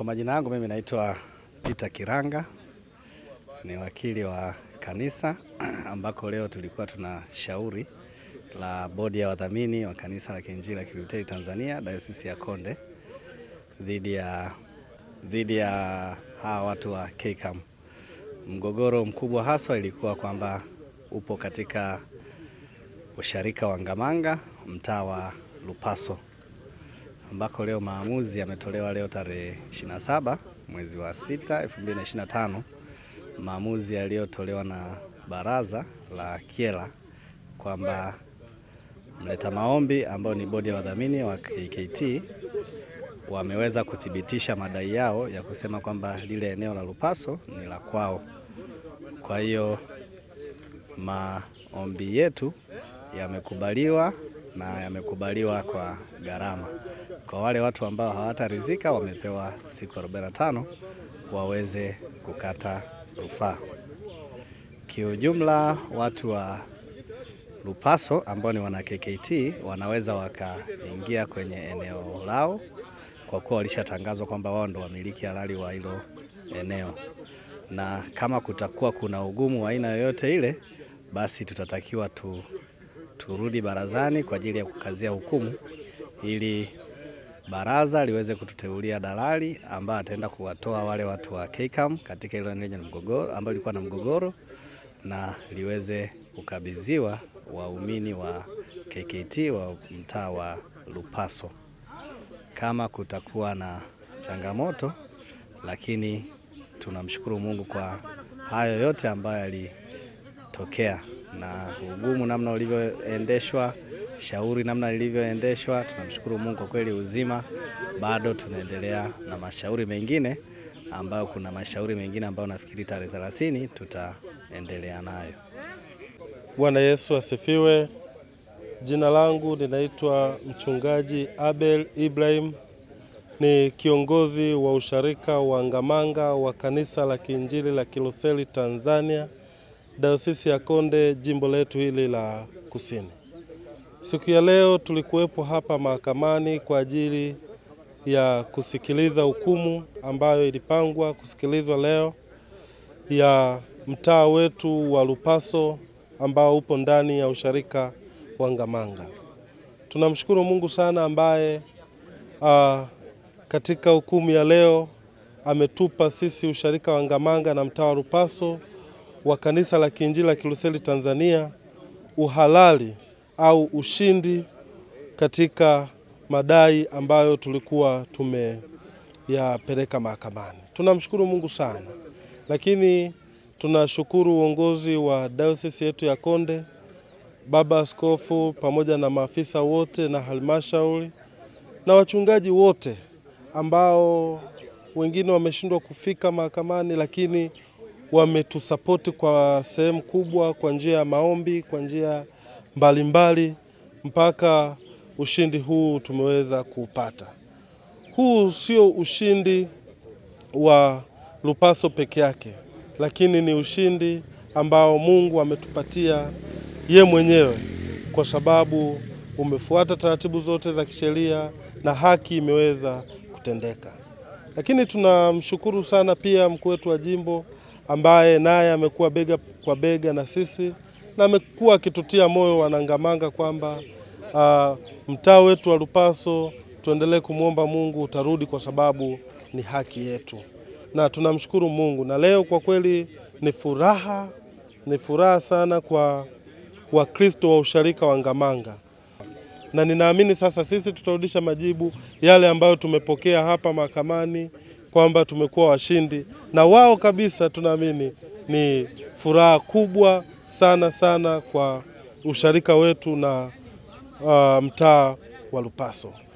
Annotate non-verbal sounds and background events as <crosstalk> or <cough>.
Kwa majina yangu mimi naitwa Peter Kiranga, ni wakili wa kanisa <clears throat> ambako leo tulikuwa tuna shauri la bodi ya wadhamini wa kanisa la Kiinjili la Kilutheri Tanzania Dayosisi ya Konde dhidi ya dhidi ya hawa watu wa KCAM. Mgogoro mkubwa haswa ilikuwa kwamba upo katika usharika wa Ngamanga, mtaa wa Lupaso ambako leo maamuzi yametolewa leo tarehe 27 mwezi wa 6 2025, maamuzi yaliyotolewa na baraza la Kyela kwamba mleta maombi ambao ni bodi ya wadhamini wa KKT wameweza kuthibitisha madai yao ya kusema kwamba lile eneo la Lupaso ni la kwao. Kwa hiyo maombi yetu yamekubaliwa na yamekubaliwa kwa gharama. Kwa wale watu ambao hawatarizika wamepewa siku 45 waweze kukata rufaa. Kiujumla, watu wa Lupaso ambao ni wana KKT wanaweza wakaingia kwenye eneo lao kwa kuwa walishatangazwa kwamba wao ndo wamiliki halali wa hilo eneo, na kama kutakuwa kuna ugumu wa aina yoyote ile, basi tutatakiwa tu, turudi barazani kwa ajili ya kukazia hukumu ili baraza liweze kututeulia dalali ambaye ataenda kuwatoa wale watu wa KCAM katika ile la mgogoro ambayo ilikuwa na mgogoro na liweze kukabidhiwa waumini wa KKT wa mtaa wa Lupaso. Kama kutakuwa na changamoto, lakini tunamshukuru Mungu kwa hayo yote ambayo yalitokea na ugumu namna ulivyoendeshwa shauri namna lilivyoendeshwa. Tunamshukuru Mungu kwa kweli, uzima bado tunaendelea na mashauri mengine ambayo kuna mashauri mengine ambayo nafikiri tarehe 30 tutaendelea nayo. Bwana Yesu asifiwe. Jina langu linaitwa Mchungaji Abel Ibrahim, ni kiongozi wa usharika wa Ngamanga wa Kanisa la Kiinjili la Kiloseli Tanzania, Dayosisi ya Konde, jimbo letu hili la Kusini. Siku ya leo tulikuwepo hapa mahakamani kwa ajili ya kusikiliza hukumu ambayo ilipangwa kusikilizwa leo ya mtaa wetu wa Lupaso ambao upo ndani ya usharika wa Ngamanga. Tunamshukuru Mungu sana ambaye a, katika hukumu ya leo ametupa sisi usharika wa Ngamanga na mtaa wa Lupaso wa kanisa la Kiinjili la Kilutheri Tanzania uhalali au ushindi katika madai ambayo tulikuwa tumeyapeleka mahakamani. Tunamshukuru Mungu sana, lakini tunashukuru uongozi wa dayosisi yetu ya Konde, baba askofu pamoja na maafisa wote na halmashauri na wachungaji wote ambao wengine wameshindwa kufika mahakamani, lakini wametusapoti kwa sehemu kubwa, kwa njia ya maombi, kwa njia mbalimbali mpaka ushindi huu tumeweza kuupata. Huu sio ushindi wa Lupaso peke yake, lakini ni ushindi ambao Mungu ametupatia ye mwenyewe, kwa sababu umefuata taratibu zote za kisheria na haki imeweza kutendeka. Lakini tunamshukuru sana pia mkuu wetu wa jimbo ambaye naye amekuwa bega kwa bega na sisi na amekuwa akitutia moyo Wanangamanga kwamba uh, mtaa wetu wa Lupaso tuendelee kumwomba Mungu utarudi, kwa sababu ni haki yetu, na tunamshukuru Mungu. Na leo kwa kweli ni furaha, ni furaha sana kwa Wakristo wa usharika wa Ngamanga, na ninaamini sasa sisi tutarudisha majibu yale ambayo tumepokea hapa mahakamani kwamba tumekuwa washindi, na wao kabisa tunaamini ni furaha kubwa sana sana kwa usharika wetu na uh, mtaa wa Lupaso.